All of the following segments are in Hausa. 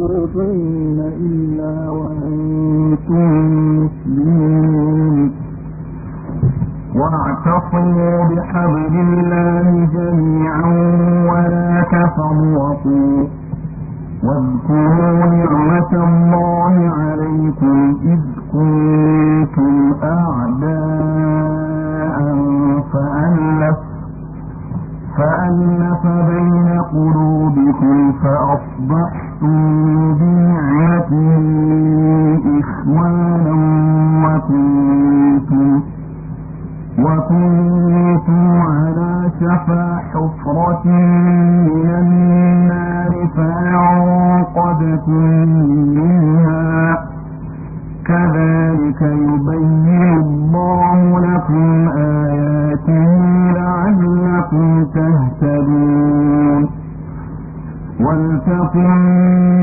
تموتن إلا وأنتم مسلمون واعتصموا بحبل الله جميعا ولا تفرقوا واذكروا نعمة الله عليكم إذ كنتم أعداء فألف فألف بين قلوبكم فأصبحتم فأتوا بدعته إخوانا وكنتم على شفا حفرة من النار فأنقذكم منها كذلك يبين الله لكم آياته لعلكم تهتدون ولتكن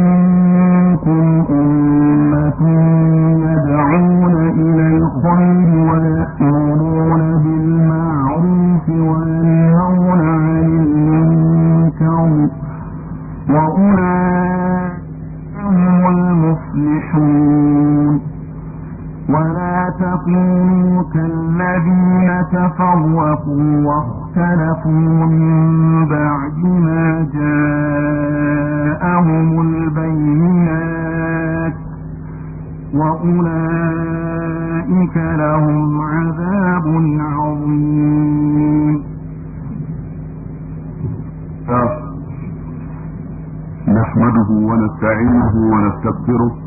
منكم أمة يدعون إلى الخير ويأمرون بالمعروف وينهون عن المنكر وأولئك هم المفلحون ولا تكونوا كالذين تفرقوا واختلفوا من بعد ما جاءهم البينات وأولئك لهم عذاب عظيم نحمده ونستعينه ونستغفره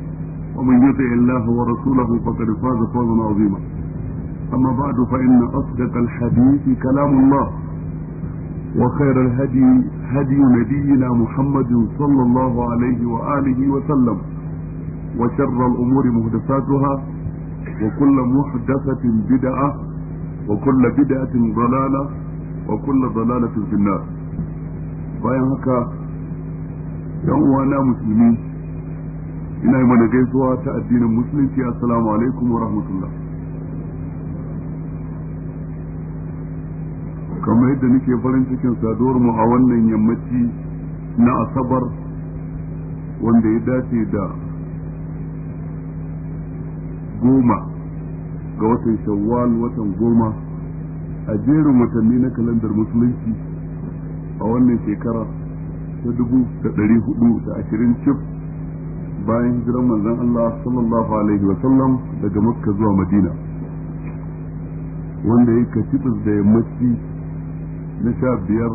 ومن يطع الله ورسوله فقد فاز فوزا عظيما أما بعد فإن أصدق الحديث كلام الله وخير الهدي هدي نبينا محمد صلى الله عليه وآله وسلم وشر الأمور محدثاتها وكل محدثة بدعة وكل بدعة ضلالة وكل ضلالة في النار bayan يوم انا مسلمين ina yi mana gaisuwa ta addinin musulunci assalamu alaikum wa rahmatullah kamar yadda nake farin cikin saduwar mu a wannan yammaci na asabar wanda ya dace da goma ga watan shawwal watan goma a jerin watanni na kalandar musulunci a wannan shekara ta dubu da ɗari hudu da ashirin cif bayan hijiran manzan Allah sallallahu alaihi wa sallam daga Makka zuwa Madina wanda ya katibus da yammaci na sha biyar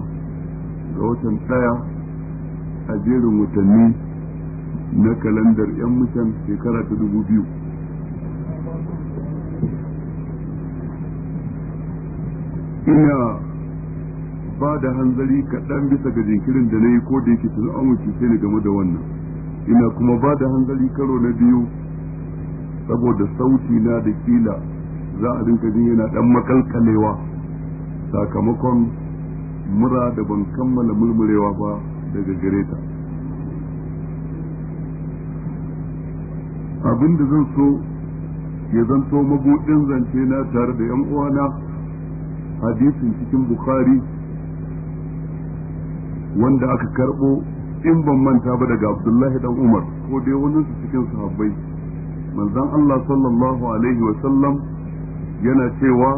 ga watan ɗaya a jerin watanni na kalandar 'yan mutan shekara ta dubu biyu ina ba da hanzari kaɗan bisa ga jinkirin da na yi ko da yake tun amince ne game da wannan ina kuma ba da hanzari karo na biyu saboda sauti na da kila za a rinka jin yana dan makalkalewa sakamakon mura da ban kammala murmurewa ba daga gare ta abin da zan so ya zanto mabuɗin zance na tare da yan uwana hadisin cikin bukhari wanda aka karɓo in ban manta ba daga Abdullahi dan Umar ko dai wani su cikin sahabbai manzon Allah sallallahu alaihi wa sallam yana cewa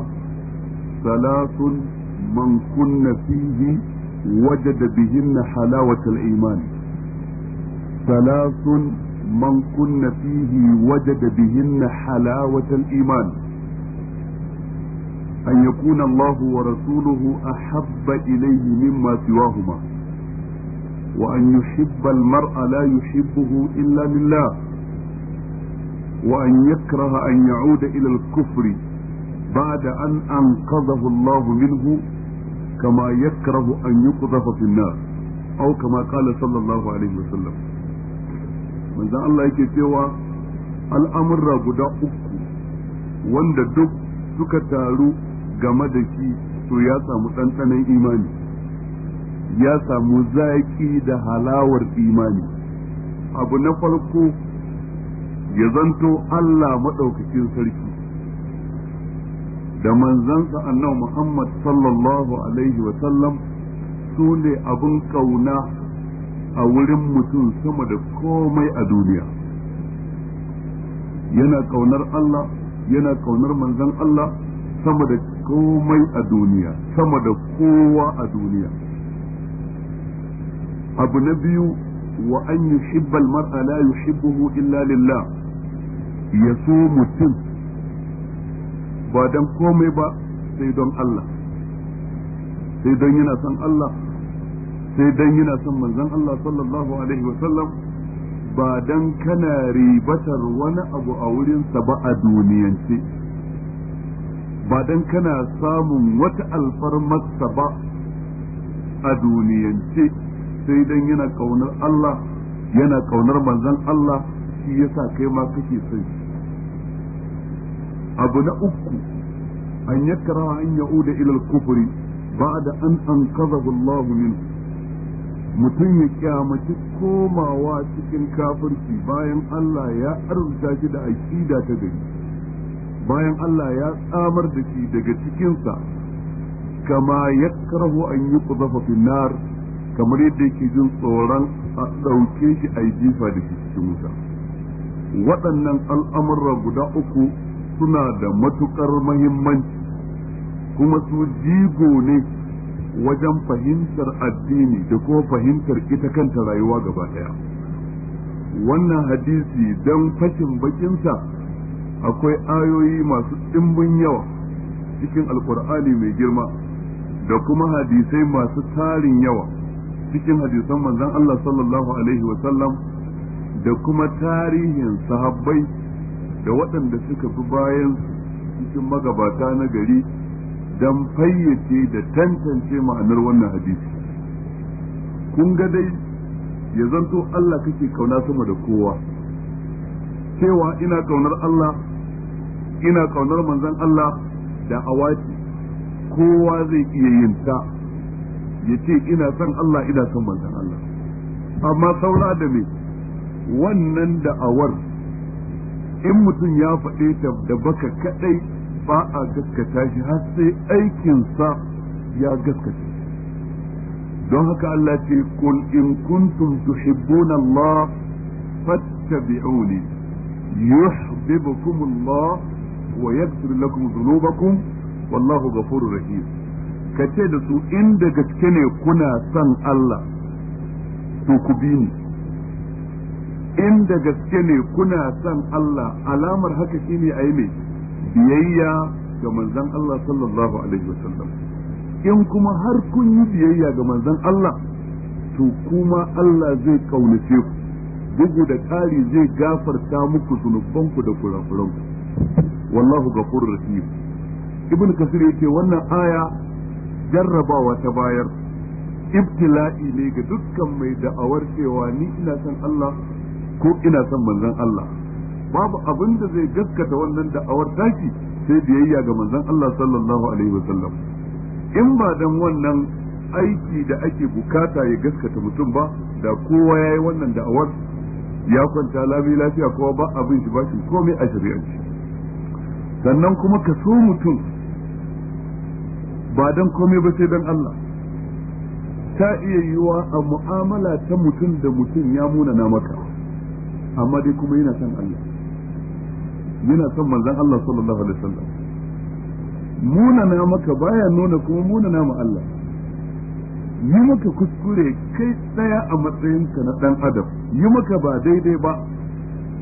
salatun man kunna fihi wajada bihinna halawatal iman salatun man kunna fihi wajada bihinna halawatal iman أن يكون الله ورسوله أحب إليه مما سواهما وأن يحب المرء لا يحبه إلا لله وأن يكره أن يعود إلى الكفر بعد أن أنقذه الله منه كما يكره أن يقذف في النار أو كما قال صلى الله عليه وسلم من ذا الله يكي سوى الأمر قد أكو وند دب سكتارو game da shi to ya samu ɗanɗanon imani ya samu zaki da halawar imani abu na farko ya zanto Allah maɗaukakin sarki da manzansa annabi Muhammad sallallahu alaihi wa sallam su ne abin kauna a wurin mutum sama da komai a duniya yana ƙaunar Allah yana kaunar manzan Allah sama da komai a duniya sama da kowa a duniya abu na biyu wa an yuhibbal mar'a yi yuhibbuhu illa lillah ya so mutum ba dan komai ba sai don Allah sai don yana son Allah sai dan yana son manzon Allah sallallahu alaihi wa ba dan kana ribatar wani abu a wurinsa ba a duniyance ba dan kana samun wata alfarmarsa ba a duniyance sai dan yana kaunar Allah yana kaunar manzon Allah shi yasa kai ma kake son abu na uku an yakara an ya'uda ila al-kufri ba'da an anqadhahu Allah min mutum ya kyamaci komawa cikin kafirci bayan Allah ya arzuta shi da aqida ta gari bayan Allah ya tsamar da shi daga cikinsa kama ya karahu an yi kuzafa nar. kamar yadda yake jin tsoron a ɗauke shi a yi jifa da shi cikin wuta waɗannan al'amurra guda uku suna da matuƙar mahimmanci kuma su jigo ne wajen fahimtar addini da kuma fahimtar ita kanta rayuwa gaba ɗaya wannan hadisi don fashin bakinsa akwai ayoyi masu ɗimbin yawa cikin alkur'ani mai girma da kuma hadisai masu tarin yawa cikin hadisan manzon Allah sallallahu alaihi wa sallam da kuma tarihin sahabbai da waɗanda suka fi bayan cikin magabata na gari dan fayyace da tantance ma'anar wannan hadisi kun ga dai ya zanto Allah kake kauna sama da kowa cewa ina kaunar Allah ina kaunar manzon Allah da awaci kowa zai iya yin ta ya ce ina son Allah ina son manzon Allah amma saura da me wannan da'awar in mutum ya faɗe ta da baka kaɗai ba a gaskata shi har sai aikinsa ya gaskata don haka Allah ce kul in kuntum tuhibbuna Allah fattabi'uni yuhibbukum Allah wa yaghfir lakum dhunubakum wallahu ghafurur rahim ka ce da su in da gaske ne kuna son Allah to ku bi ni in da gaske ne kuna son Allah alamar haka shine ayi mai biyayya ga manzon Allah sallallahu alaihi wasallam in kuma har kun yi biyayya ga manzon Allah to kuma Allah zai kaunace ku bugu da ƙari zai gafarta muku zunubanku da kurakuranku wallahu ga rahim ibn kasir yake wannan aya jarrabawa ta bayar ibtila'i ne ga dukkan mai da'awar cewa ni ina son Allah ko ina son manzon Allah babu abin da zai gaskata wannan da'awar taki sai biyayya ga manzon Allah sallallahu alaihi wasallam in ba dan wannan aiki da ake bukata ya gaskata mutum ba da kowa yayi wannan da'awar ya kwanta lami lafiya kowa ba abin shi ba shi komai a shari'anci sannan kuma ka so mutum ba don komai ba sai don Allah ta iya yiwa a mu'amala ta mutum da mutum ya munana maka amma dai kuma yana son Allah yana son manzan Allah sallallahu alaihi wasallam munana maka baya nuna kuma munana na Allah yi maka kuskure kai tsaya a matsayinka na dan adam yi maka ba daidai ba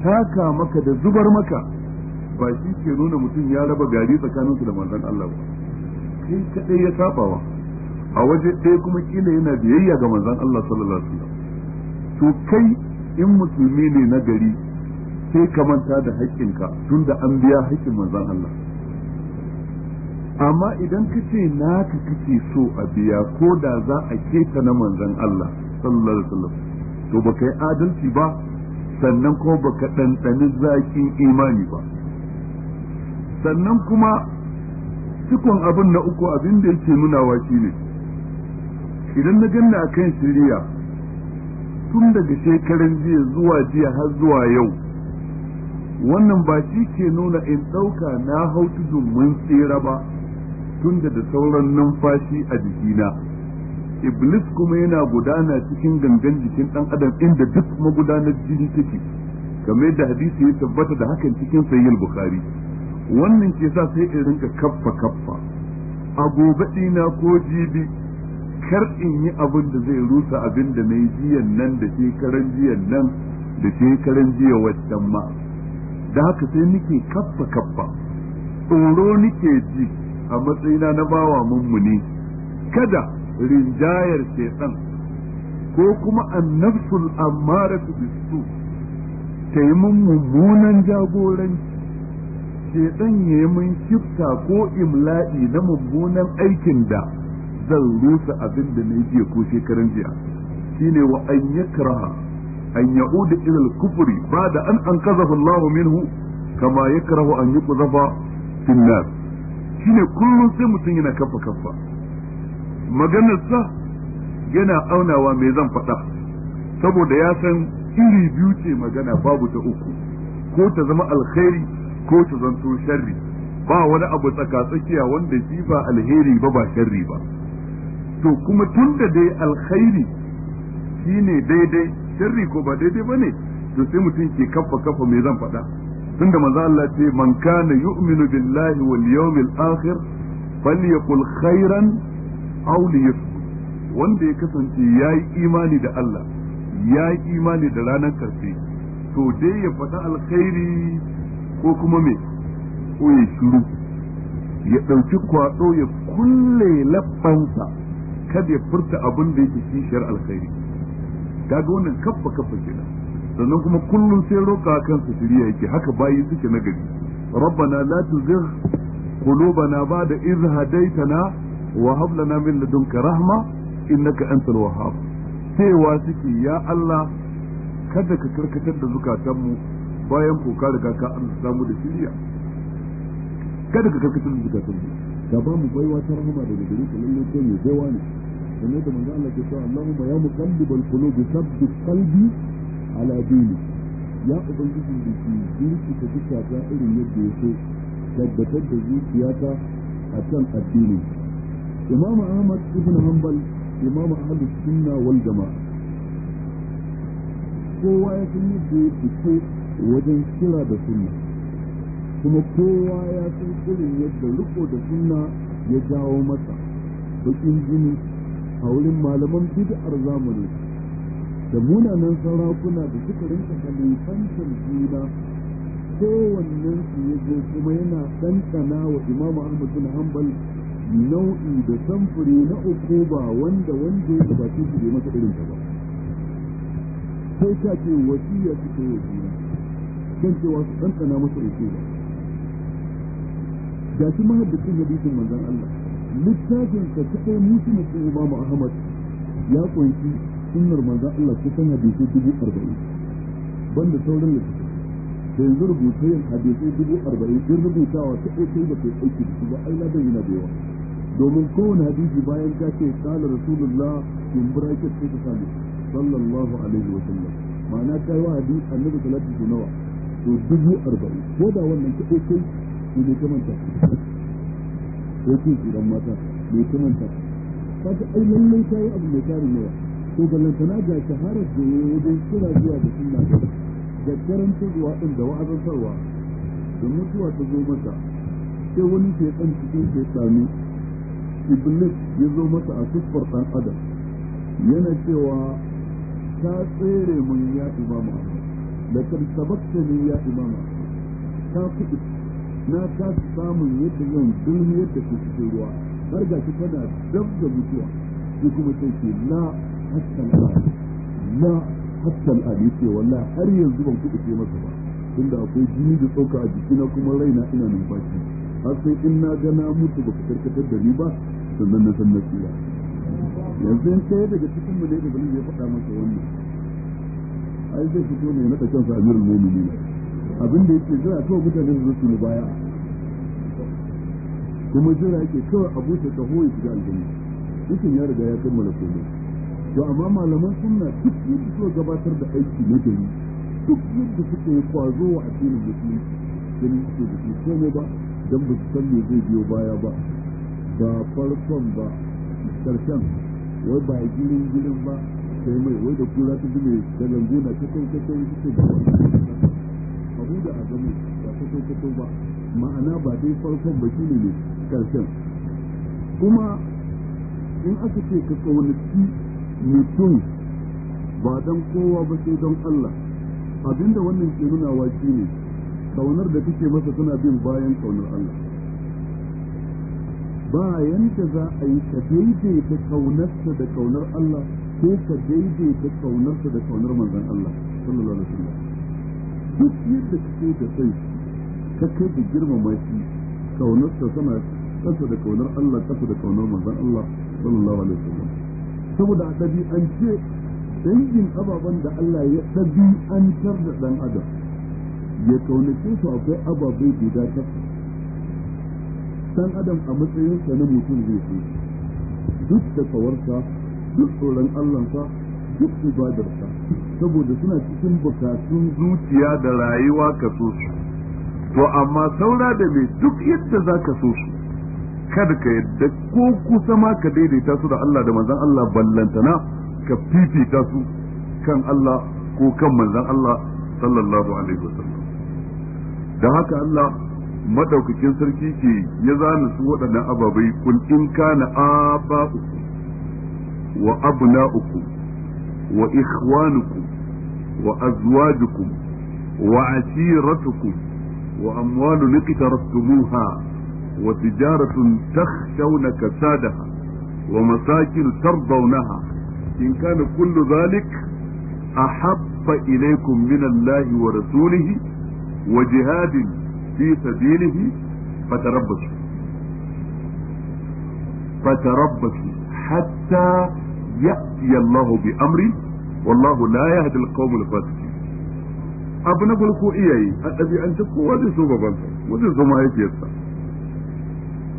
taka maka da zubar maka ba shi ke nuna mutum ya raba gari tsakaninsu da manzan Allah ba Kai kadai ya sabawa a waje ɗaya kuma kila yana biyayya ga manzon Allah sallallahu alaihi wasallam to kai in musulmi ne na gari sai ka manta da haƙƙinka tunda an biya haƙƙin manzon Allah amma idan ka ce ka kace so a biya ko da za a keta na manzon Allah sallallahu alaihi wasallam to baka yi adalci ba sannan ko baka ɗanɗani zaƙin imani ba sannan kuma cikon abin na uku abin da yake nunawa shine, idan na ganna a kan shirya tun daga shekaran jiya zuwa jiya har zuwa yau wannan ba shi ke nuna in ɗauka na hau tudun mun tsira ba tun da sauran numfashi a jikina iblis kuma yana gudana cikin gangan jikin ɗan adam inda duk magudanar jini take kamar da hadisi ya tabbata da hakan cikin sayyid bukhari wannan ke sa sai in rinka kaffa kaffa a gobe dina ko jibi kar in yi abin da zai rusa abin da na jiyan nan da shekaran jiyan nan da shekaran jiya waccan ma da haka sai nike kaffa kaffa tsoro nike ji a matsayina na bawa mummuni kada rinjayar shaitan ko kuma amara amaratu bisu ta yi mummunan jagoranci shedan ya yi mun shifta ko imla'i na mummunan aikin da zan rusa abin da na jiya ko shekaran jiya shine wa an yakraha an da ila al-kufri ba'da an anqadhahu Allah minhu kama yakrahu an yuqdhafa fi an shine kullum sai mutum yana kafa kafa maganar sa yana aunawa mai zan faɗa saboda ya san iri biyu ce magana babu ta uku ko ta zama alkhairi ko ta zanto sharri ba wani abu tsaka tsakiya wanda shi ba alheri ba ba sharri ba to kuma tun da dai alkhairi shine daidai sharri ko ba daidai ba ne to sai mutum ke kafa kafa me zan faɗa tunda manzo Allah ce man kana yu'minu billahi wal yawmil akhir falyakul khairan aw wanda ya kasance yayi imani da Allah yayi imani da ranar karfe to dai ya faɗa alkhairi ko kuma me ko ya shiru ya ɗauki kwaɗo ya kulle labbansa kada ya furta abin da yake kishiyar alkhairi kaga wannan kaffa kaffa kenan sannan kuma kullum sai roƙa su shirya yake haka bayi suke na gari rabbana la tuzigh qulubana ba'da idh hadaytana wa hab lana min ladunka rahma innaka antal wahhab cewa suke ya Allah kada ka karkatar da zukatanmu bayan kuka da kaka ka an samu da shiriya kada ka karkatar da zukatan Da ba mu baiwa ta rahama daga gari ta lalle ko mai baiwa ne kamar da manzo Allah ke cewa Allahumma ya muqallibal qulubi thabbit qalbi ala dini ya ubangiji da ke zuci ta ta irin yadda ya so tabbatar da ta a kan addini Imam Ahmad ibn Hanbal Imam Ahlus Sunna wal Jama'a kowa ya san yadda ya fito wajen kira da suna, kuma kowa ya san irin yadda riko da sunna ya jawo masa bakin jini a wurin malaman bid'ar zamani da munanan sarakuna da suka rinka halittantar juna kowanne su ya zo kuma yana ɗanɗana wa imamu ahmad na hambal nau'i da samfuri na uku ba wanda wanda ya bata shi bai masa irin ta ba sai ta ce wasiya suka yi juna kan cewa su ɗanɗana masa ba? ga shi mahaddacin hadisin manzon Allah littafin sa cikin musulmi ba mu Ahmad ya kunshi sunnar manzon Allah san hadisi dubu arba'in banda sauran littafin da yanzu yin hadisai dubu arba'in in rubutawa ta ɗauke da kai aiki da su ba ai ladan bayyana da yawa domin kowane hadisi bayan ka ce kala rasulullah in bracket sai ta sallallahu alaihi wa sallam ma'ana ta yi wa hadisi annabi salatu nawa to dubu arba'in ko da wannan ta ɗauko to ne ta manta ko ce su dan mata ne ta manta ta ta ai lallai ta yi abu mai tarin yawa to ballantana ga shaharar da ya wajen kira zuwa da sunna da karanta zuwa ɗin da wa'azantarwa da mutuwa ta zo masa sai wani ke ɗan cikin ke sami iblis ya zo masa a siffar ɗan adam yana cewa ta tsere mun ya imamu لقد سبقتني يا إماما كافئت na kasa samun yadda zan dulmi yadda ke cikin ruwa har ga shi tana dab da mutuwa shi kuma sai ce la hassan la hassan ali ce wallahi har yanzu ban kuɗi ce masa ba tunda akwai jini da tsoka a jikina kuma raina ina numfashi har sai in na ga na mutu ku karkatar da ni ba sannan na san na tsira yanzu in ɗaya daga cikin mu ne da ba ya faɗa masa wannan ai zai fito ne na kansa amirul mu'minin abin da yake jira kawai mutane su su ne baya kuma jira yake kawai abu ta kaho ya shiga aljanna dukan ya riga ya kammala komai to amma malaman sunna duk yadda suka gabatar da aiki na gari duk yadda suka yi kwazo wa addinin musulunci ganin suke da su komai ba don ba su san me zai biyo baya ba ba farkon ba karshen wai ba girin girin ba aka yi mai wai da kura ta zube da languna ta kai ta kai ta da abu da azamu ba ta kai ta kai ba ma'ana ba dai farkon ba shine ne karshen kuma in aka ce ka kaunaci mutum ba dan kowa ba sai don Allah abinda wannan ke nunawa shine kaunar da kake masa tana bin bayan kaunar Allah bayan da za a yi ka daidaita kaunarsa da kaunar Allah sai ka daidaita kaunarsa da kaunar manzon Allah sallallahu alaihi wasallam duk yadda kake da kai, ka kai da girmama shi kaunarsa tana kasa da kaunar Allah kasa da kaunar manzon Allah sallallahu alaihi wasallam saboda a ɗabi'ance dangin ababen da Allah ya ɗabi'antar da dan adam ya kaunace su akwai ababai guda takwas ɗan adam a matsayinsa na mutum zai so duk da kawarsa duk tsoron Allahnsa duk ibadarsa saboda suna cikin bukatun zuciya da rayuwa ka so su to amma saura da mai duk yadda za ka so su kada ka yadda ko kusa ma ka daidaita su da Allah da manzan Allah ballantana ka fifita su kan Allah ko kan manzan Allah sallallahu alaihi wasallam da haka Allah madaukakin sarki ke ya zana su waɗannan ababai kun in kana aba'ukum وأبناؤكم وإخوانكم وأزواجكم وعشيرتكم وأموال اقترفتموها وتجارة تخشون كسادها ومساكن ترضونها إن كان كل ذلك أحب إليكم من الله ورسوله وجهاد في سبيله فتربصوا فتربصوا حتى ya'ti Allahu bi amri wallahu la yahdi al-qawmul fasiqin abu na farko iyaye a ɗabi'ance kowa zai so babansa wajen so mahaifiyarsa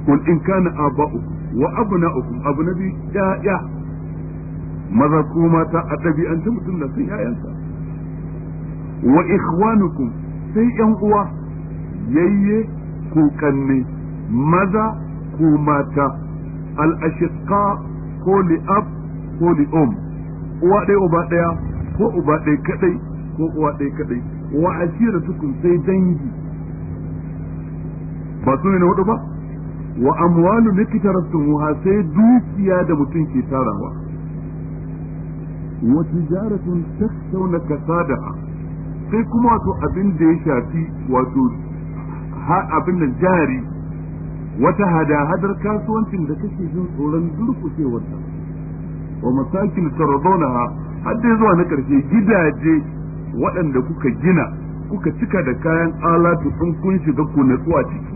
Kun in kana uku. wa abu na uku abu na biyu ya'ya maza ko mata a ɗabi'ance mutum na son ya'yansa wa ikhwanukum sai yan uwa yayye ko kanne maza ko mata al-ashiqa ko li'ab ko li um uwa ɗaya uba ɗaya ko uba ɗaya kadai ko uwa ɗaya kadai wa asira tukun sai dangi ba su ne na ba wa amwalu likita rastumuha sai dukiya da mutum ke tarawa wa tijaratun takhshawna kasadaha sai kuma wato abin da ya shafi wato abin da jari wata hada-hadar kasuwancin da kake jin tsoron ta? wa masakin tarzona har dai zuwa na karshe gidaje waɗanda kuka gina kuka cika da kayan alatu in kun shiga ku natsuwa ciki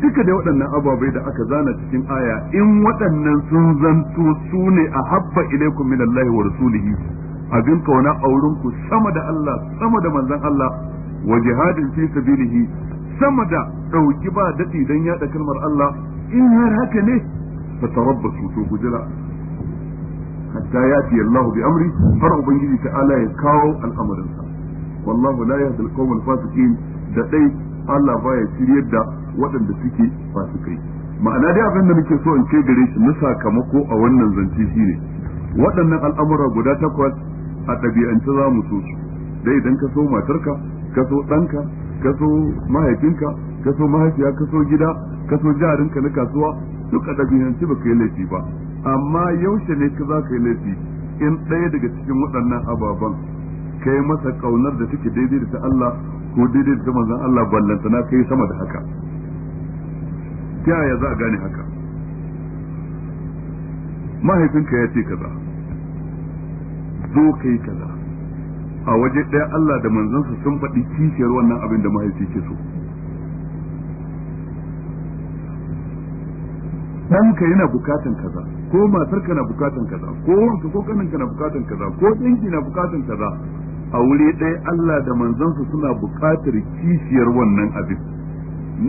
duka da waɗannan ababai da aka zana cikin aya in waɗannan sun zanto su ne a habba ilaikum min Allah wa rasulihi abin kauna a wurin ku sama da Allah sama da manzon Allah wa jihadin fi sabilihi sama da dauki ba dadi dan yada kalmar Allah in har haka ne tarabbasu to gujira hatta yati Allahu bi amri har ubangiji ta'ala ya kawo al'amarin sa wallahu la yahdi al-qawm al da dai Allah baya shiryar da waɗanda suke fasikai ma'ana dai abinda muke so in ce gare shi na sakamako a wannan zance shine waɗannan al'amura guda takwas a ɗabi'ance za mu so Da idan ka so matarka ka so ɗanka ka so mahaifinka ka so mahaifiya ka so gida ka so jarinka na kasuwa duk a ɗabi'ance ba yi laifi ba amma yaushe ne ka za ka yi laifi in ɗaya daga cikin waɗannan ababen kai masa ƙaunar da take daidai da ta Allah ko daidai da ta manzan Allah ballantana kai sama da haka ta yaya za a gane haka mahaifinka ya ce kaza zo kai kaza a waje ɗaya Allah da manzansa sun faɗi kishiyar wannan abin da mahaifi ke so Kanka yana bukatan kaza ko matarka na bukatan kaza ko wanka ko kaninka na bukatan kaza ko ɗinki na bukatan kaza a wuri ɗaya Allah da manzansa suna bukatar kishiyar wannan abin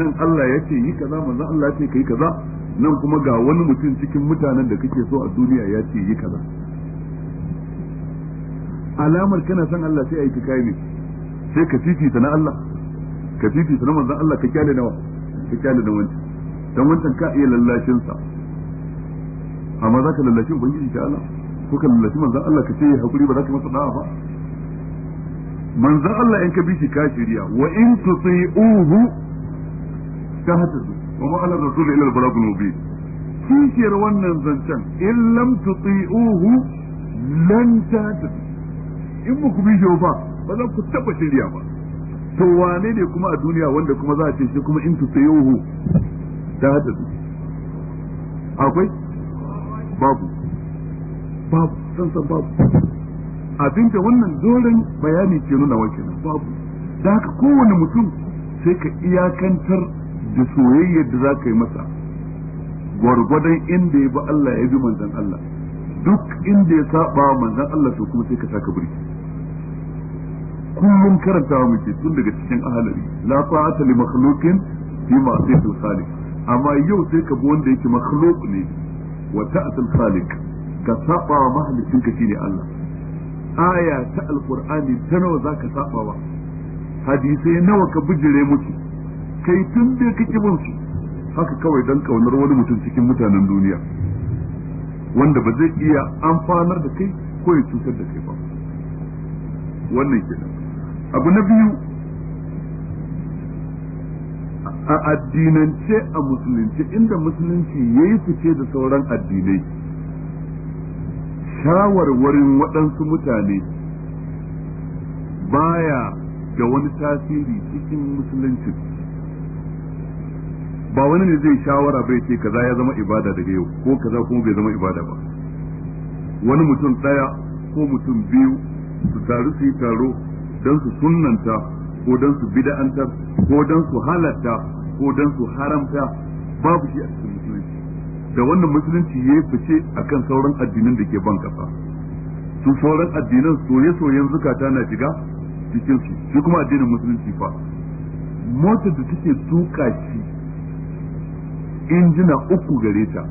nan Allah ya ce yi kaza manzon Allah ce ka kai kaza nan kuma ga wani mutum cikin mutanen da kake so a duniya ya ce yi kaza alamar kana son Allah sai a yi kai ne sai ka ta na Allah ka ta na manzon Allah ka kyale nawa ka kyale na wancan don wancan ka iya lallashin sa amma zaka lallashi ubangiji ta Allah ko ka lallashi manzon Allah ka ce hakuri ba za ka masa da'a ba manzon Allah in ka bi shi ka shirya wa in tuti'uhu tahtadu wa ma ala rasul illa al-balagh mubin kishiyar wannan zancen in lam tuti'uhu lan tahtadu in ba ku bi shi ba ba za ku taba shirya ba to wane ne kuma a duniya wanda kuma za a ce shi kuma in tuti'uhu ta haɗa su akwai babu babu san san babu da wannan doren bayani ke nuna wake nan babu da haka kowane mutum sai ka iyakantar da soyayyar da za ka yi masa gwargwadon inda ya bi Allah ya bi manzan Allah duk inda ya saba manzan Allah to kuma sai ka saka birki kullum karanta wa muke tun daga cikin ahalari la ta'ata li makhluqin fi ma'siyatil khaliq amma yau sai ka bi wanda yake makhluk ne wa ta'atul khaliq ka saba wa mahalicin ka shine Allah aya ta alqur'ani ta nawa zaka saba wa hadisai nawa ka bijire musu kai tun da kake bin su haka kawai dan kaunar wani mutum cikin mutanen duniya wanda ba zai iya amfanar da kai ko ya cutar da kai ba wannan kenan abu na biyu a addinance a musulunci inda musulunci ya yi fice da sauran addinai shawarwarin waɗansu mutane baya da wani tasiri cikin musulunci ba wani ne zai shawara bai ce kaza ya zama ibada daga yau ko kaza kuma bai zama ibada ba wani mutum ɗaya ko mutum biyu su taru su yi taro don su sunanta ko don su bida'antar ko dan su halatta ko dan su haramta babu shi a cikin musulunci da wannan musulunci ya fice akan sauran addinin da ke ban kafa su sauran addinan soye-soyen zukata na shiga cikin su shi kuma addinin musulunci fa motar da take tuka shi injina uku gare ta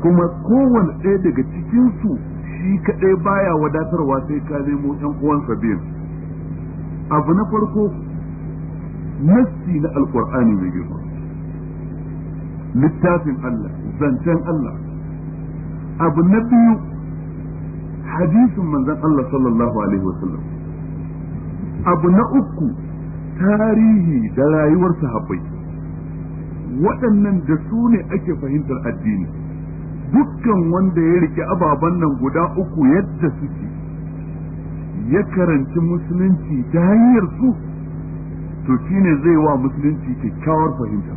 kuma kowane ɗaya daga cikin su shi kaɗai baya wadatarwa sai ka nemo ɗan uwansa biyan abu na farko nassi na alkur'ani mai girma littafin Allah zancen Allah abu na biyu hadisin manzan Allah sallallahu alaihi wasallam abu na uku tarihi da rayuwar sahabbai waɗannan da su ne ake fahimtar addini dukkan wanda ya rike ababen nan guda uku yadda suke ya karanci musulunci ta hanyar su to shine zai wa musulunci kyakkyawar fahimta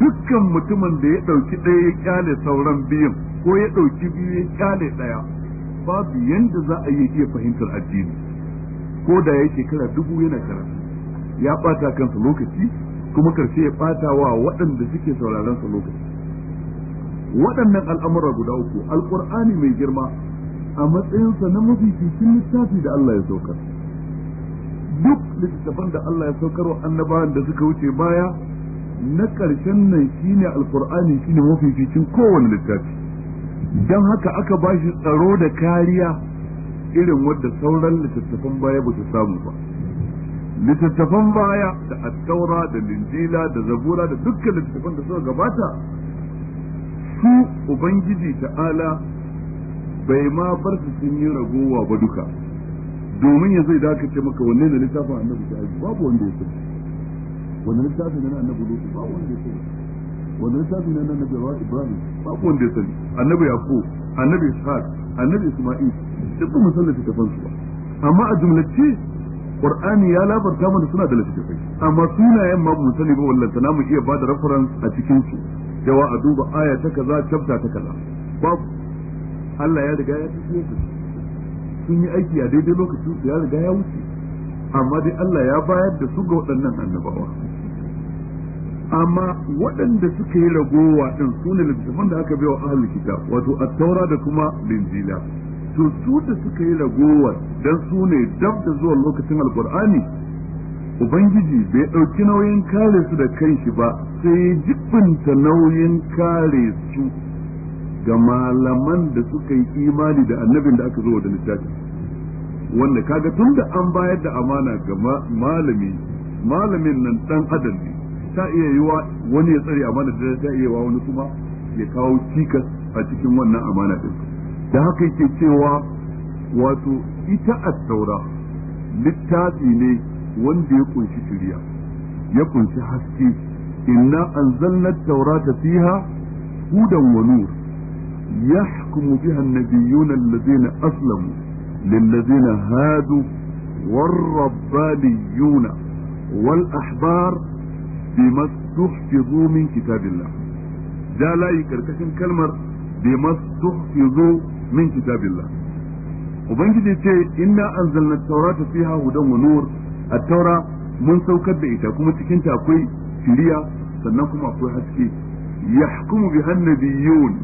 dukkan mutumin da ya ɗauki ɗaya ya kyale sauran biyun ko ya ɗauki biyu ya kyale ɗaya babu yanda za a yi iya fahimtar addini ko da ya shekara dubu yana karatu ya ɓata kansa lokaci kuma karshe ya bata wa waɗanda suke sauraron sa lokaci waɗannan al'amura guda uku alƙur'ani mai girma a matsayinsa na mafi cikin littafi da Allah ya saukar duk littattafan da Allah ya saukar wa annabawan da suka wuce baya na ƙarshen nan shine alkur'ani shine mafificin kowane littafi don haka aka ba shi tsaro da kariya irin wadda sauran littattafan baya ba su samu ba littattafan baya da attaura da linjila da zabura da dukkan littattafan da suka gabata su ubangiji ta'ala bai ma bar su sun yi ragowa ba duka domin ya zai dakace maka wanne ne littafin annabi ta aji babu wanda ya sani wanda littafin na annabi lutu babu wanda ya sani wanda littafin na annabi ibrahim babu wanda ya sani annabi yaqub annabi ishaq annabi isma'il duk mun san littafin su ba amma a jumlace qur'ani ya labarta mana suna da littafai amma sunayen ma mun sani ba wallahi sana mu iya ba da reference a cikin su cewa a duba aya ta kaza chapter ta kaza babu Allah ya riga ya tafiye sun yi aiki a daidai lokacin su ya riga ya wuce amma dai Allah ya bayar da su ga waɗannan annabawa amma waɗanda suka yi ragowa ɗin su ne littattafan da aka baiwa ahalin kitab wato Attaura da kuma linzila to su da suka yi ragowa don su ne dab da zuwa lokacin alkur'ani ubangiji bai ɗauki nauyin kare su da kanshi ba sai jibinta nauyin kare su ga malaman da suka yi imani da annabin da aka zo da littafi wanda kaga tun da an bayar da amana ga malami malamin nan dan adam ne ta iya yi wa wani ya tsare amana da ta iya yi wa wani kuma ya kawo cikas a cikin wannan amana din da haka yake cewa wato ita as taura littafi ne wanda ya kunshi shiriya ya kunshi haske inna anzalna at-taurata fiha hudan wa nur يحكم بها النبيون الذين أسلموا للذين هادوا والربانيون والأحبار بما استحفظوا من كتاب الله جاء لا يكركش كلمة بما استحفظوا من كتاب الله وبنجد شيء إنا أنزلنا التوراة فيها هدى ونور التوراة من سوك بيتا كما تكنت أقوي سيريا سنكم أقوي حسكي يحكم بها النبيون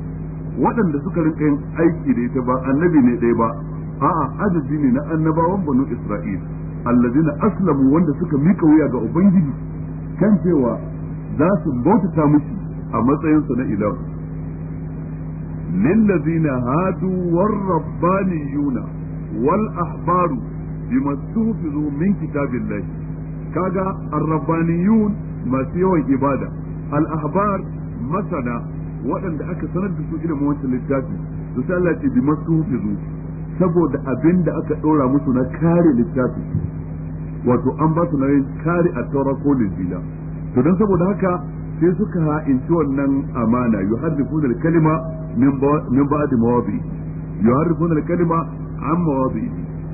waɗanda suka rinka yin aiki da ita ba annabi ne ɗaya ba a'a adadi ne na annabawan banu isra'il allazina aslamu wanda suka mika wuya ga ubangiji kan cewa za su bautata miki a matsayinsa na ilahu lillazina hadu warrabbaniyuna wal ahbaru bima tuhfizu min kitabillahi kaga arrabbaniyun masu yawan ibada al ahbar masana waɗanda aka sanar da su ilimin wancan littafi to sai Allah ce bi masu fizu saboda abin da aka ɗora musu na kare littafi wato an ba su na yin kare a taura ko linjila to don saboda haka sai suka ha'inci wannan amana yuharrifuna al-kalima min ba'di mawadi yuharrifuna al-kalima an mawadi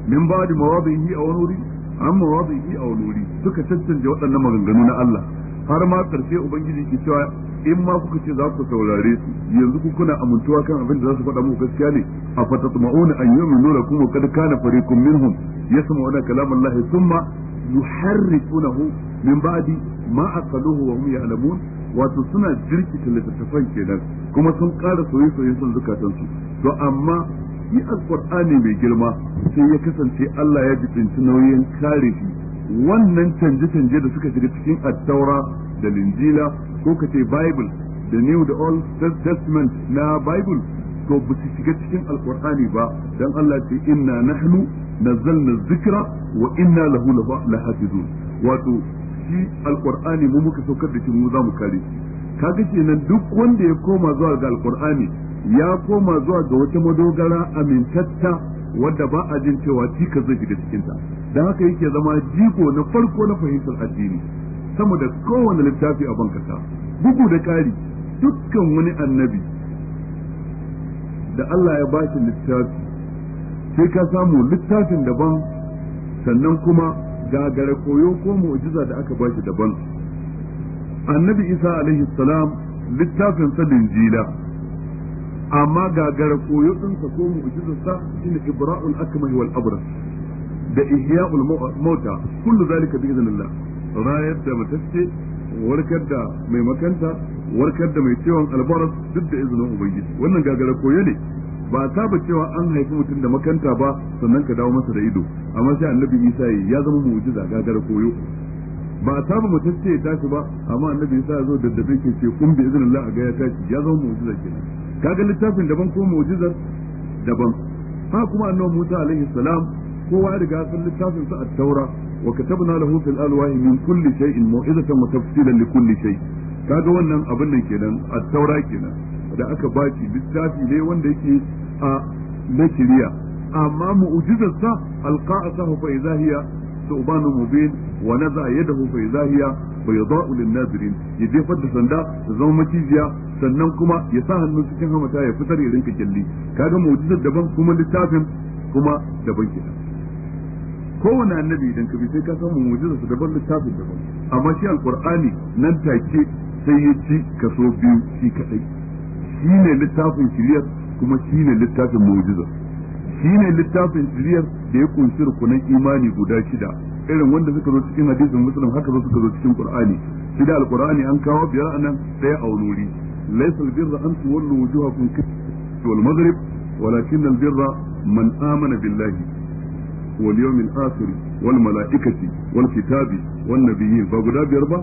min ba'di yi a wani wuri an yi a wani wuri suka cancanta waɗannan maganganu na Allah har ma karshe ubangiji ke cewa in ma kuka ce za ku saurare su yanzu ku kuna amintuwa kan abin da za su faɗa muku gaskiya ne a fatatma'una an yu'minu lakum wa qad kana fariqun minhum yasma'una kalam Allah thumma yuharrifunahu min ba'di ma aqaluhu wa hum ya'lamun wato suna jirkita littattafan kenan kuma sun ƙara soyayya son zukatansu to amma shi alqur'ani mai girma sai ya kasance Allah ya jibinci nauyin kare shi wannan canje-canje da suka shiga cikin attaura da linjila ko ka ce bible da new da old testament na bible to ba su shiga cikin alkur'ani ba dan Allah ce inna nahnu nazzalna dhikra wa inna lahu lahafizun wato shi alkur'ani mu muka saukar da shi mu za mu kare kaga kenan duk wanda ya koma zuwa ga alkur'ani ya koma zuwa ga wata madogara amintatta wadda ba a jin cewa cika zai shiga cikinta don haka yake zama jiko na farko na fahimtar addini sama da kowane littafi a bankasa bugu da ƙari dukkan wani annabi da Allah ya shi littafi sai ka samu littafin daban sannan kuma gagara koyo ko mu'jiza da aka bashi daban annabi isa alaihi salam littafin sa jila amma gagara koyo ɗinsa ko mu'jizarsa shine ibra'ul akmal wal abras da ihya'ul mauta kullu zalika bi idnillah rayar da matacce warkar da mai makanta warkar da mai ciwon albaras duk da izinin ubangiji wannan gagara koyo ne ba a saba cewa an haifi mutum da makanta ba sannan ka dawo masa da ido amma sai annabi isa ya zama mu'jiza gagara koyo ba a saba matacce ya tashi ba amma annabi isa ya zo daddabin ke ce kun bi izinin Allah ga ya tashi ya zama mu'jiza kenan kaga littafin daban ko mu'jizar daban ha kuma annabi Musa alaihi salam kowa ya riga sun littafin su a taura وكتبنا له في الالواح من كل شيء موعظه وتفصيلا لكل شيء kaga wannan abin nan kenan a taura kenan da aka baki littafi ne wanda yake a na kiriya amma sa alqa'a sahu fa idza hiya subanu mubin wa naza yadahu fa idza hiya bayda'u lin nazirin ya jefar da sanda ya zama macijiya sannan kuma ya sa hannu cikin hamata ya fitar ya rinka kyalli kaga mu'jizar daban kuma littafin kuma daban kenan kowane annabi idan ka bi sai ka samu mu'jiza su daban littafin daban amma shi alqur'ani nan take sai ya ci kaso biyu shi kadai shi ne littafin shiriyar kuma shi ne littafin mu'jiza shi ne littafin shiriyar da ya kunshi rukunan imani guda shida irin wanda suka zo cikin hadisin muslim haka zo suka zo cikin qur'ani shi da alqur'ani an kawo biyar anan daya a wuri laysa albirra an tuwallu wujuhakum qibla al-maghrib walakin albirra man amana billahi wal yawmil akhir wal malaikati wal kitabi wan nabiyyin ba guda biyar ba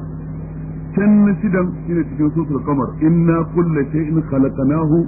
can na shidan shine cikin suratul qamar inna kulla shay'in khalaqnahu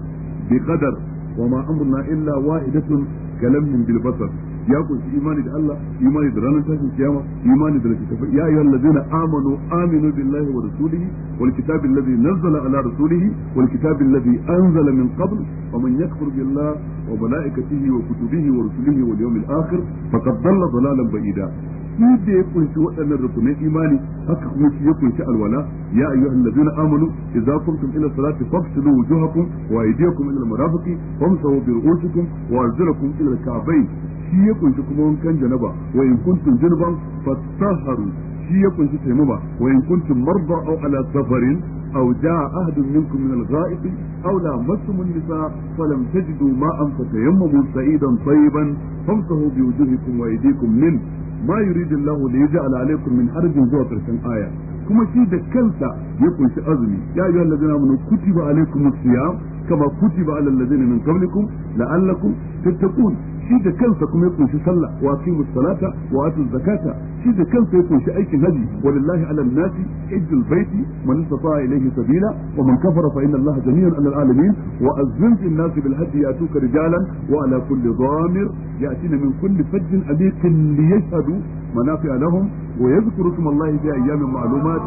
bi qadar wa ma amruna illa wahidatun kalamin bil basar ya kunshi imani da Allah imani da ranar tashin kiyama imani da littattafai ya ayyuhal ladzina amanu aminu billahi wa rasulihi wal kitabi alladhi nazzala ala rasulihi wal kitabi alladhi anzala min qabl wa man yakfur billahi wa malaikatihi wa kutubihi wa rusulihi wal yawmil akhir faqad dalla dalalan ba'ida shi da ya kunshi waɗannan rukunin imani haka kuma shi ya kunshi alwala ya ayyuhal ladina amanu idza qumtum ila salati fafsilu wujuhakum wa aydiyakum ila almarafiqi famsahu bi ru'usikum wa arjulakum ila alka'bayn shi ya kunshi kuma wankan janaba wa in kuntum junuban fatahharu shi ya kunshi taimama wa in kuntum marda aw ala safarin أو جاء أحد منكم من الغائط أو لامستم النساء فلم تجدوا ماء فتيمموا سعيدا طيبا فامسحوا بوجوهكم وأيديكم min. ma yuridu Allah li yaj'ala alaykum min harjin zuwa karshen aya kuma shi da kansa ya kunshi azumi ya ayyuhal ladina amanu kutiba alaykumus siyam kama kutiba alal ladzina min qablikum la'allakum tattaqun shi da kansa kuma ya kunshi sallah wa aqimus salata wa atuz zakata shi da kansa ya kunshi aikin haji walillahi alal nasi hajjul baiti man istata'a ilayhi sabila wa man kafara fa inna allaha jami'un alal alamin wa azzin fil nasi bil hajji yatuka rijalan wa ala kulli dhamir ya'tina min kulli fajjin adiqin liyashhadu manafi'a lahum wa yadhkuru isma allahi ayyamin ma'lumat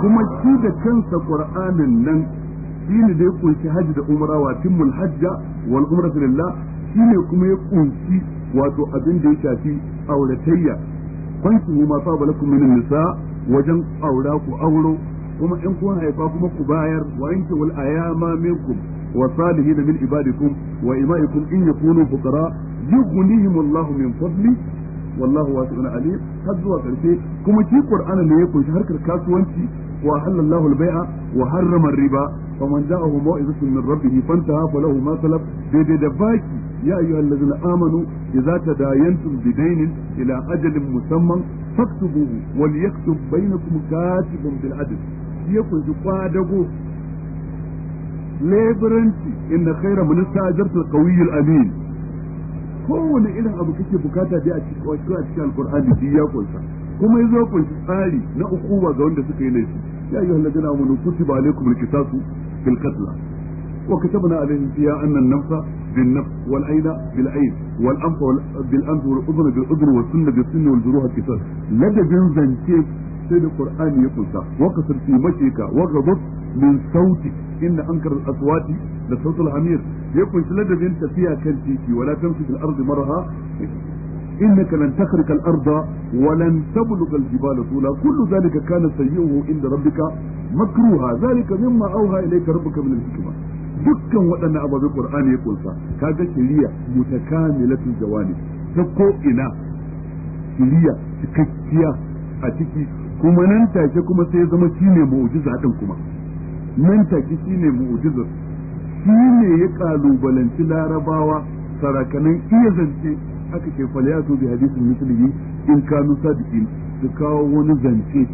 kuma shi da kansa qur'anin nan addini da ya kunshi hajji da umra wa timmul hajja wal umra lillah shine kuma ya kunshi wato abin da ya shafi auratayya kwanki ma fa balakum min nisa wajen aura ku auro kuma in kun haifa kuma ku bayar wa anki wal ayama minkum wa salihin min ibadikum wa imaikum in yakunu fuqara yughnihim Allahu min fadli wallahu wasi'un alim har zuwa karshe kuma shi Qur'ana ne ya kunshi harkar kasuwanci وأحل الله البيع وحرم الربا فمن جاءه موعظة من ربه فانتهى فله ما سلف ديدي دباكي يا أيها الذين آمنوا إذا تداينتم بدين إلى أجل مسمى فاكتبوه وليكتب بينكم كاتب بالعدل يكن قادقوا leburanci inna khaira man istajarta al-qawiy al-amin kowane irin abu kake bukata dai a cikin alqur'ani shi ya kunsa kuma yazo ku tsari na ukuwa ga wanda suka yi laifi ya ayyuhal ladina amanu kutiba alaykumul qisasu fil qatl wa katabna alayhim fiha anna an-nafsa bin nafs wal ayna bil ayn wal anfa bil anf wal udhn bil udhn was sunna bis sunna wal juruha qisas ladabin zance sai da qur'ani ya kunsa wa kasar fi mashika wa ghadab min sauti inna ankara al-aswati da sautul hamir ya kunshi ladabin tafiya kan titi wala tamshi fil ardi marha إنك لن تخرق الأرض ولن تبلغ الجبال طولا كل ذلك كان سيئه عند ربك مكروها ذلك مما أوهى إليك ربك من الحكمة dukkan waɗannan ababe qur'an ya kunsa kaga shiriya mutakamilatul jawani ta ko ina shiriya cikakkiya a ciki kuma nan take kuma sai zama shine mu'jiza din kuma nan take shine mu'jiza shine ya kalubalanci larabawa sarakanan iya zance ke ce falyatu bi hadisin mislihi in kanu sadiqin su kawo wani zance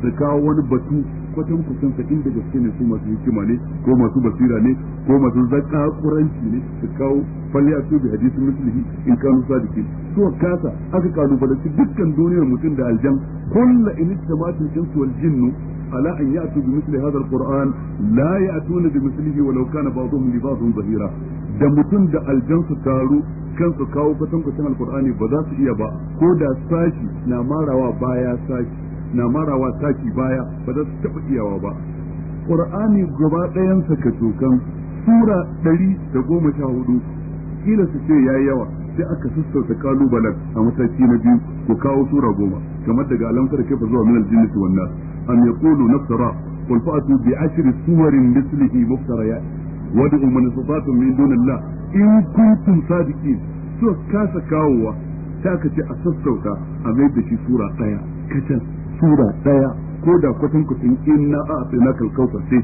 su kawo wani batu kwatan kusan sa inda gaske ne su masu hikima ne ko masu basira ne ko masu zaka kuranci ne su kawo falyatu bi hadisin mislihi in kanu su to kasa aka kalubalanci dukkan duniyar mutum da aljan kullu in tamatin insu wal jinnu ala an ya'tu bi misli hadha alquran la ya'tuna bi mislihi walau kana ba'dhum zahira da mutum da aljansu taru kansu kawo kwatankwacin Alkur'ani ba za su iya ba ko da sashi na marawa baya sashi na marawa sashi baya ba za su taɓa iyawa ba qur'ani gaba ɗayan sa ka tokan sura 114 kila su ce yi yawa sai aka sassauta kalubalen a mataki na biyu ku kawo sura goma kamar daga alamsar kaifa zuwa min aljinnati wannan, nas am yaqulu naftara qul fa'tu bi ashri suwarin mislihi muftariyat wad'u man istata'tum min dunillah in kuntum sadiqin so kasa kawowa ta ka ce a sassauta a mai da shi sura daya kacan sura daya ko da kwatan kutin inna a'tinaka al-kawthar sai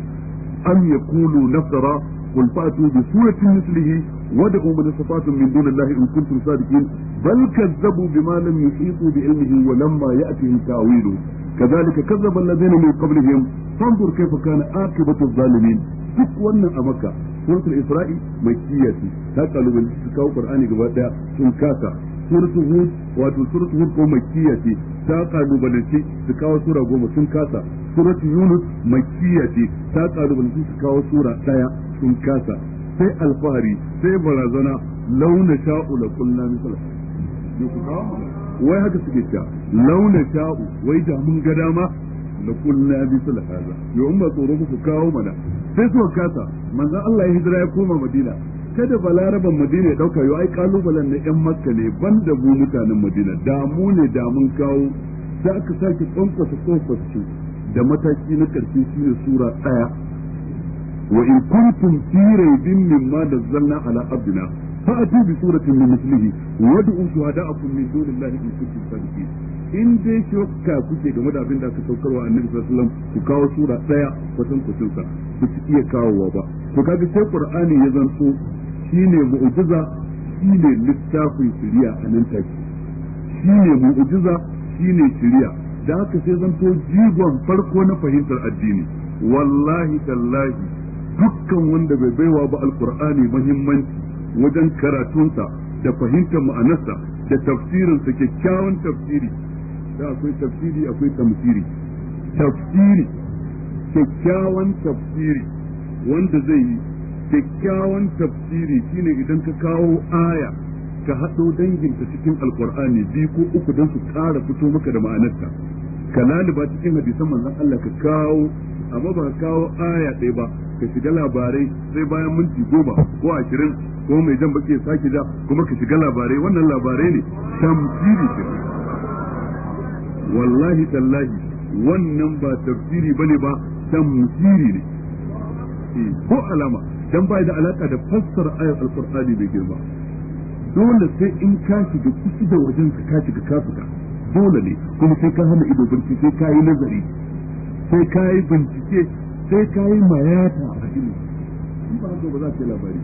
am yaqulu naftara qul fa'tu bi suratin mislihi ودعوا من الصفات من دون الله إن كنتم صادقين بل كذبوا بما لم يحيطوا بعلمه ولما يأتهم تأويله كذلك كذب الذين من قبلهم فانظر كيف كان عاقبة الظالمين duk wannan a makka suratul isra'i mai kiyaye ta kalubalanci su kawo qur'ani gaba daya sun kasa suratul hud wato suratul hud ko mai kiyaye ta kalubalanci su kawo sura goma sun kasa suratul yunus mai ta su kawo sura daya sun kasa sai alfahari sai barazana launa sha'u la kullum misal wai haka suke cewa launa sha'u wai da mun ga dama da kullum misal haza yo in ba tsoro ku kawo mana sai suka kasa manzon Allah ya hijira ya koma Madina kada balaraban Madina ya dauka yo ai kalubalen na yan Makka ne banda bu mutanen Madina da mu ne da mun kawo sai aka sake tsankwasa tsankwasa da mataki na karshe shine sura 1 wa in kuntum fi raibin mimma nazzalna ala abdina fa'atu bi suratin min mislihi wad'u shuhada'akum min dunillahi in kuntum sadiqin in dai shokka kuke game da abin da aka saukarwa annabi sallallahu alaihi wasallam ku kawo sura daya kwatan ku sa ku iya kawowa ba to kaga sai qur'ani ya zanto shine mu'jiza shine littafin shari'a a nan take shine mu'jiza shine shari'a da haka sai zanto jigon farko na fahimtar addini wallahi tallahi dukkan wanda bai baiwa ba alqur'ani muhimmanci wajen karatunsa da fahimtar ma'anarsa da tafsirinsa kyakkyawan tafsiri da akwai tafsiri akwai tamsiri tafsiri kyakkyawan tafsiri wanda zai yi kyakkyawan tafsiri shine idan ka kawo aya ka haɗo danginta cikin alkur'ani biyu ko uku don su ƙara fito maka da ma'anarta ka laliba cikin hadisan manzon Allah ka kawo amma ba kawo aya ɗaya ba ka shiga labarai sai bayan minti goma ko ashirin ko mai jan baki ya sake ja kuma ka shiga labarai wannan labarai ne tamsiri ce wallahi tallahi wannan ba tafsiri bane ba tamsiri ne eh, ko alama dan bai da alaka da fassara ayar alqur'ani bai girma dole sai in ka shiga kusa da wajen ka shiga kafuka dole ne kuma sai ka hana ido barci sai ka yi nazari sai ka yi bincike sai ka yi mayata a ilimi in ba haka ba za ka yi labari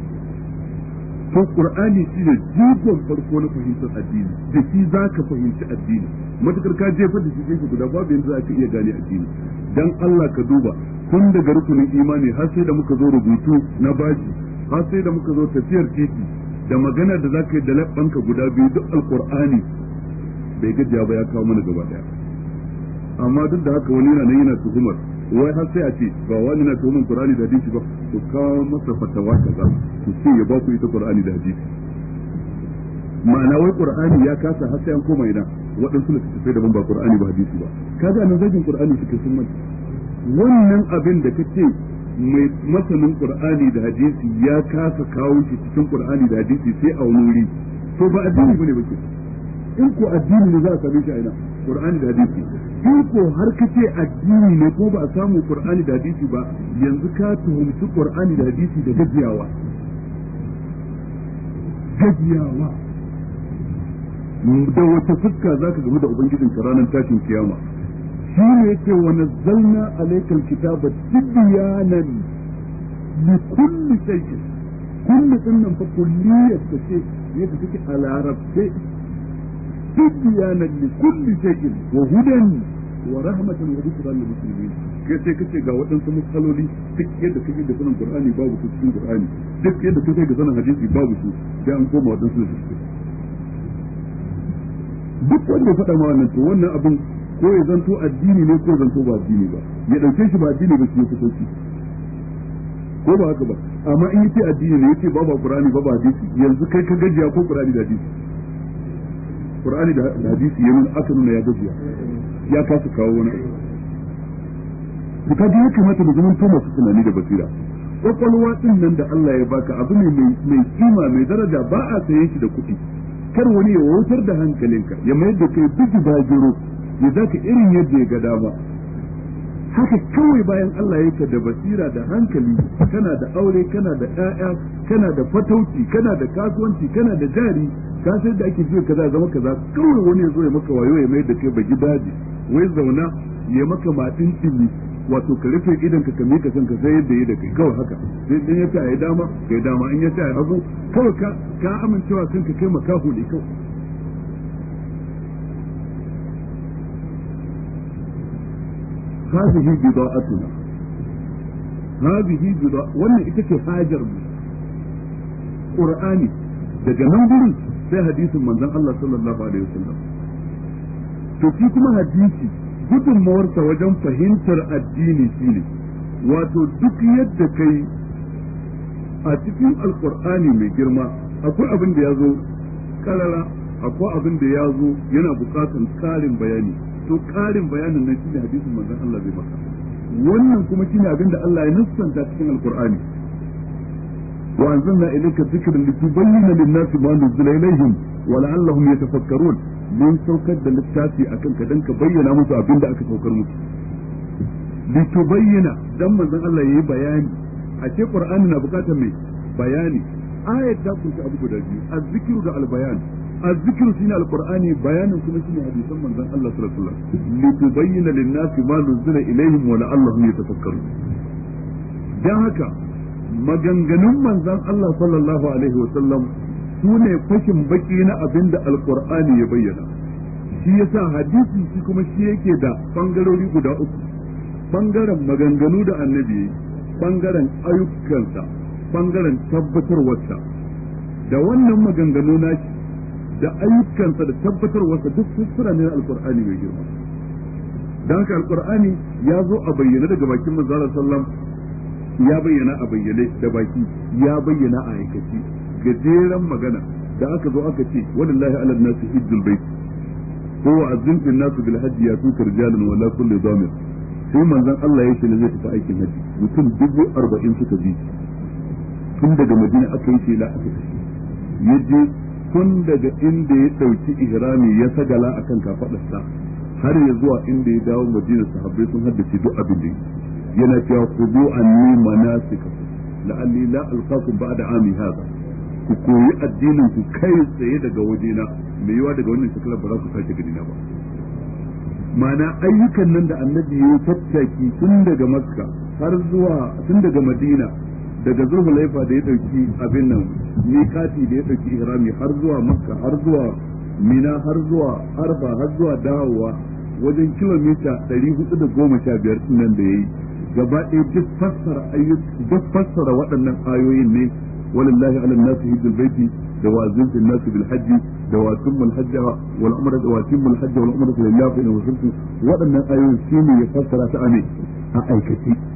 to qur'ani shi ne jigon farko na fahimtar addini da shi za ka fahimci addini matukar ka jefa da shi jefa guda babu yanzu za ka iya gane addini dan Allah ka duba tun daga rukunin imani har sai da muka zo rubutu na baji har sai da muka zo tafiyar titi da magana da za ka yi da labbanka guda biyu duk alqur'ani bai gajiya ba ya kawo mana gaba daya amma duk da haka wani yana nan yana tuhumar wai har sai a ce ba wani na tuhumar qur'ani da hadisi ba ku kawo masa fatawa kaza ku ce ya ba ku ita qur'ani da hadisi ma'ana wai qur'ani ya kasa har sai an koma ina waɗansu da suke daban ba qur'ani ba hadisi ba kaga nan zagin qur'ani suke sun manta wannan abin da kace mai masanin qur'ani da hadisi ya kasa kawo shi cikin qur'ani da hadisi sai a wuri to ba addini bane ba ke in ko addini ne za a same shi a ina qur'ani da hadisi in ko har ka ce addini ne ko ba a samu qur'ani da hadisi ba yanzu ka tuhumci qur'ani da hadisi da gajiyawa gajiyawa da wata fuska zaka gamu da ubangijin ka ranar tashin kiyama shi ne yake wa nazzalna alaykal kitaba tibyanan li kulli shay'in kulli dinnan fa kulliyat ce yadda take a larabce tibyanan li kulli shay'in wa hudan wa rahmatan wa dhikran lil muslimin kai sai kace ga waɗansu matsaloli duk yadda kake da sanin qur'ani babu su cikin qur'ani duk yadda kake da sanin hadisi babu su sai an koma waɗansu da su duk wanda ya faɗa ma wannan to wannan abin ko ya zanto addini ne ko zanto ba addini ba ya dauke shi ba addini ba shi ya fito shi ko ba haka ba amma in yace addini ne yace babu qur'ani babu hadisi yanzu kai ka gajiya ko qur'ani da hadisi qur'ani da hadisi ya nuna aka nuna ya gajiya ya kasa kawo wani abu to kaji ya kamata da zaman to masu tunani da basira kwakwalwa ɗin nan da Allah ya baka abu ne mai kima mai daraja ba a saye shi da kuɗi kar wani ya wautar da hankalinka ya mayar da kai biji da ya ka irin yadda ya gada dama haka kawai bayan Allah yake da basira da hankali kana da aure kana da ƴaƴa kana da fatauci kana da kasuwanci kana da jari ka san da ake jiya kaza zama kaza kawai wani ya ya maka wayo ya mai da kai bagi daji wai zauna ya maka matin tsimi wato ka rufe idan ka kame ka san ka sai yadda yi da kai kawai haka sai in ya ce ai dama kai dama in ya ce ai hagu kawai ka ka amincewa kanka kai makahu ne kawai hazihi bida'atuna hazihi bida wannan ita ce hajar mu qur'ani daga nan gurin sai hadisin manzon Allah sallallahu alaihi wasallam to shi kuma hadisi gudunmawarsa wajen fahimtar addini shine wato duk yadda kai a cikin alkur'ani mai girma akwai abin da ya zo karara akwai abin da ya zo yana bukatan ƙarin bayani to karin bayanin nan shine hadisin manzon Allah zai maka wannan kuma shine abin da Allah ya nassanta cikin alqur'ani wa anzalna ilayka dhikra litubayyana lin-nasi ma nuzila ilayhim wa la'allahum yatafakkarun mun saukar da littafi akan ka dan ka bayyana musu abin da aka saukar musu litubayyana dan manzon Allah yayi bayani a ce qur'ani na bukatar mai bayani ayat ta kunshi abu guda biyu az-zikru da al-bayan الذكر شنو القرآن بيان كما شنو حديث من ذن الله صلى الله عليه وسلم لتبين للناس ما نزل إليهم ولعلهم يتفكرون dan haka maganganun manzan Allah sallallahu alaihi wasallam su ne fashin baki na abin da alkur'ani ya bayyana shi yasa hadisi shi kuma shi yake da bangarori guda uku bangaren maganganu da annabi bangaren ayyukansa bangaren tabbatarwarsa da wannan maganganu na da ayyukansa da tabbatarwarsa duk sura ne alkur'ani mai girma da haka alkur'ani ya zo a bayyane daga bakin manzo sallam ya bayyana a bayyane da baki ya bayyana a aikace gajeren magana da aka zo aka ce wallahi ala nasu hijjul bait ko wa azim nasu bil hajji ya tuka rijalan wala kullu damir sai manzon Allah ya ce zai tafi aikin hajji mutum dubu arba'in suka bi tun daga madina aka yi shela aka tafi ya je tun daga inda ya ɗauki ihrami ya sagala akan kafaɗarsa har ya zuwa inda ya dawo madina sahabbai sun haddace duk abin da yana cewa khudu anni manasikakum la'alli la ba ba'da ami haza. ku koyi addinin ku kai tsaye daga wajena mai yiwa daga wannan shekarar ba za ku sake gani na ba ma'ana ayyukan nan da annabi ya tattaki tun daga makka har zuwa tun daga madina daga zulhulaifa da ya dauki abin nan miƙati da ya dauki ihrami har zuwa makka har zuwa mina har zuwa arba har zuwa dawowa wajen kilomita ɗari da goma sha 415 nan da ya yi. gaba ɗaya duk fassara ayyuka duk fassara waɗannan ayoyin ne walillahi ala nasi hijjul baiti da wazin fil nasi bil hajji da wasim al hajja wal umra da wasim al hajja wal umra lillahi wa sulhu waɗannan ayoyin shine ya fassara ta ame a aikace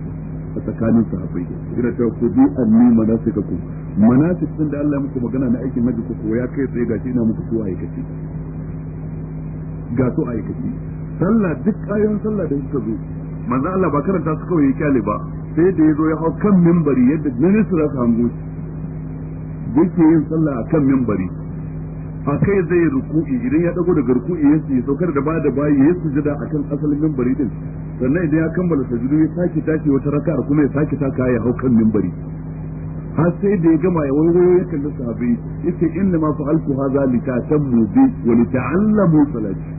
a tsakanin sahabbai ina cewa ku bi anni manasikakum manasik din da Allah ya muku magana na aikin haji ku ya kai tsaye gashi ina muku su aikace ga su aikace sallah duk ayoyin sallah da suka zo manzo Allah ba karanta su kawai ya kyale ba sai da ya zo ya hau kan minbari yadda ministra ta hango shi yake yin sallah a kan minbari a kai zai ruku'i idan ya dago daga ruku'i ya su saukar da ba da bayi ya sujada akan asalin minbari din sannan idan ya kammala sujudu ya sake tashi wata raka'ar kuma ya sake taka ya hau kan mimbari har sai da ya gama ya wayo ya kalli sahabbai yace inna ma fa'altu hadha li ta'tammu bi wa li ta'allamu salati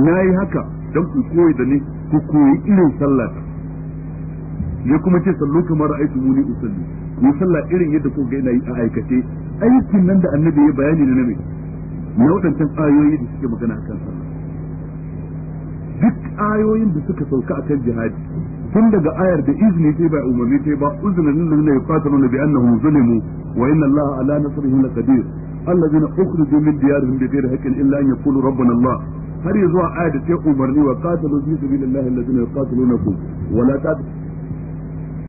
nayi haka dan ku koyi da ni ku koyi irin sallah ya kuma ce sallu kamar aiki muni usalli ku sallah irin yadda ku ga ina yi a aikace aikin nan da annabi ya bayani ne na me na wadancan ayoyi da suke magana a sa duk ayoyin da suka sauka a kan jihadi tun daga ayar da izini sai ba umarni ta ba uzunan nan ne yaqatiluna bi annahum zulimu wa inna allaha ala da laqadir alladhina ukhrijoo min diyarihim bighayri haqqin illa an yaqulu rabbana allah har yanzu ayar da sai umarni wa qatilu fi sabilillahi alladhina yuqatilunakum wa la